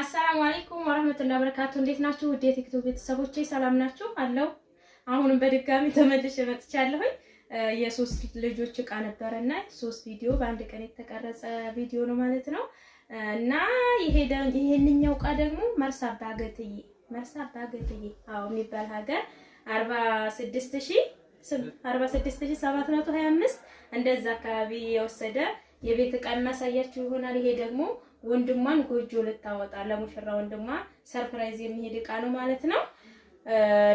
አሰላሙ አለይኩም ወረህመቱላሂ ወበረካቱ። እንዴት ናችሁ ውድ የቲክቶክ ቤተሰቦቼ? ሰላም ናችሁ አለው። አሁንም በድጋሚ ተመልሼ መጥቻለሁኝ። የሶስት ልጆች እቃ ነበረና ሶስት ቪዲዮ በአንድ ቀን የተቀረጸ ቪዲዮ ነው ማለት ነው። እና ይሄንኛው እቃ ደግሞ መርሳ ባገትዬ መርሳ ባገትዬ አዎ የሚባል ሀገር አርባ ስድስት ሺህ ሰባት መቶ ሀያ አምስት እንደዛ አካባቢ የወሰደ የቤት እቃ የማሳያችሁ ይሆናል። ይሄ ደግሞ ወንድሟን ጎጆ ልታወጣ ለሙሽራ ወንድሟ ሰርፕራይዝ የሚሄድ እቃ ነው ማለት ነው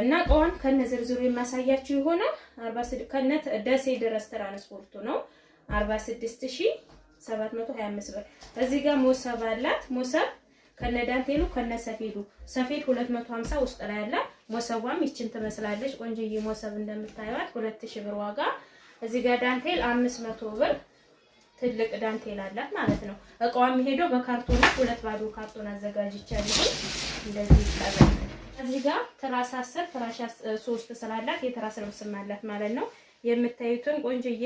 እና ዕቃዋን ከነ ዝርዝሩ የማሳያችሁ ይሆናል። ከነ ደሴ ድረስ ትራንስፖርቱ ነው 46725 ብር። እዚህ ጋር ሞሰብ አላት። ሞሰብ ከነ ዳንቴሉ ከነ ሰፌዱ ሰፌድ 250 ውስጥ ላይ አለ። ሞሰቧም ይችን ትመስላለች። ቆንጆዬ ሞሰብ እንደምታዩት 2000 ብር ዋጋ። እዚህ ጋር ዳንቴል 500 ብር ትልቅ ዳንቴል አላት ማለት ነው። እቃዋ የሚሄደው በካርቶን ሁለት ባዶ ካርቶን አዘጋጅቻለሁ። እንደዚህ ይቀራል። እዚህ ጋር ትራስ አስር ትራስ ሶስት ስላላት የትራስ ልብስ አላት ማለት ነው። የምታዩትን ቆንጅዬ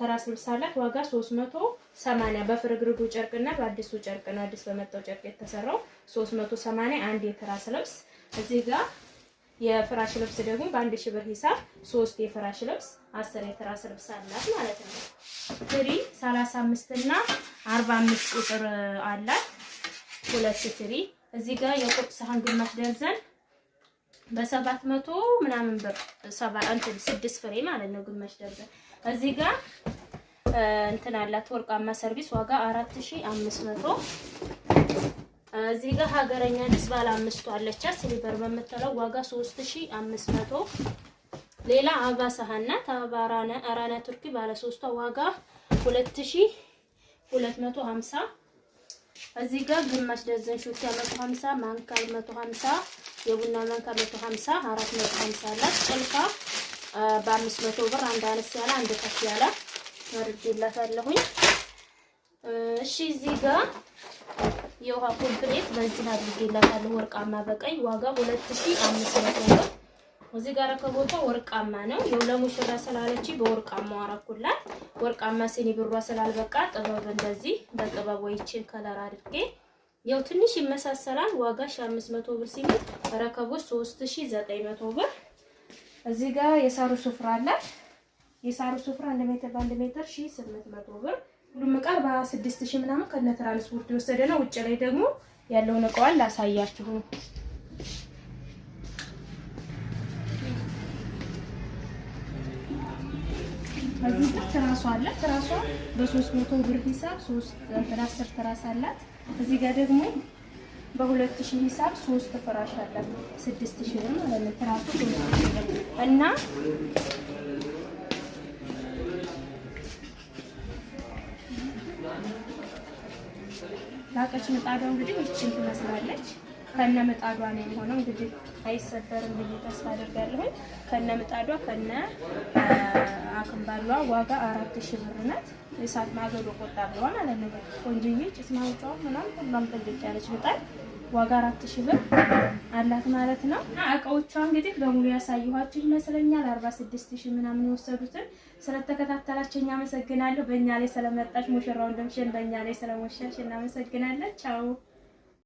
ትራስ ልብስ አላት። ዋጋ 380 በፍርግርጉ ጨርቅና በአዲሱ ጨርቅ ነው። አዲስ በመጣው ጨርቅ የተሰራው 380 አንድ የትራስ ልብስ እዚህ ጋር የፍራሽ ልብስ ደግሞ በአንድ ሺህ ብር ሂሳብ ሶስት የፍራሽ ልብስ አስር የትራስ ልብስ አላት ማለት ነው። ትሪ 35 እና 45 ቁጥር አላት ሁለት ትሪ። እዚህ ጋር የቁጥ ሳህን ግማሽ ደርዘን በሰባት መቶ ምናምን ብር ሰባ እንትን ስድስት ፍሬ ማለት ነው ግማሽ ደርዘን። እዚህ ጋር እንትን አላት ወርቃማ ሰርቪስ ዋጋ 4500 እዚህ ጋር ሀገረኛ ልብስ ባለ አምስቱ አለቻ ሲልቨር በምትለው ዋጋ 3500። ሌላ አባ ሳህን ናት። አራነ ቱርኪ ባለ 3 ዋጋ 2250። እዚህ ጋር ግማሽ ደዘን ሹካ 150፣ ማንካ 150፣ የቡና ማንካ 150፣ 450 አላት። ጭልፋ በ500 ብር አንድ አነስ ያለ አንድ ከፍ ያለ መርጅላታለሁኝ። እሺ እዚህ ጋር የውሃ ኮምፕሌት በዚህ አድርጌላታለሁ። ወርቃማ በቀይ ዋጋ 2500 ነው። እዚህ ጋር ከቦታ ወርቃማ ነው። የው ለሙሽራ ስላለች በወርቃማ አረኩላት። ወርቃማ ሲኒ ብሯ ስላልበቃ ጥበብ እንደዚህ በጥበብ ወይች ከለር አድርጌ ያው ትንሽ ይመሳሰላል። ዋጋ 500 ብር ሲሚ ረከቦት 3900 ብር። እዚህ ጋር የሳሩ ሱፍራ አለ። የሳሩ ሱፍራ 1 ሜትር በ1 ሜትር 1800 ብር ሁሉም እቃ አርባ ስድስት ሺህ ምናምን ከነ ትራንስፖርት የወሰደ ነው። ውጭ ላይ ደግሞ ያለውን እቃዋን ላሳያችሁ ጋር ትራሷ አላት። ትራሷ በሶስት መቶ ብር ሂሳብ ሶስት አስር ትራስ አላት። እዚህ ጋር ደግሞ በሁለት ሺህ ሂሳብ ሶስት ፍራሽ አላት። ስድስት ሺህ ብር ማለት ነው። ትራሱ እና ላቀች ምጣዷ እንግዲህ ይችን ትመስላለች። ከነ ምጣዷ ነው የሆነው። እንግዲህ አይሰበርም ብዬ ተስፋ አድርጋለሁ። ከነ ምጣዷ ከነ አክምባሏ ዋጋ አራት ሺህ ብር ናት። ማገዶ ቆጣቢዋ ማለት ነው። ቆንጆዬ ጭስ ማውጫዋ ምናምን ሁሏም ጥልቅ ያለች ምጣድ ዋጋ አራት ሺህ ብር አላት ማለት ነው። እቃዎቿ እንግዲህ በሙሉ ያሳየኋችሁ ይመስለኛል። አርባ ስድስት ሺህ ምናምን የወሰዱትን እኛ እናመሰግናለሁ። በእኛ ላይ ስለመጣች ሙሽራው ደምሽን በእኛ ላይ ስለሞሸርሽ እናመሰግናለን። ቻው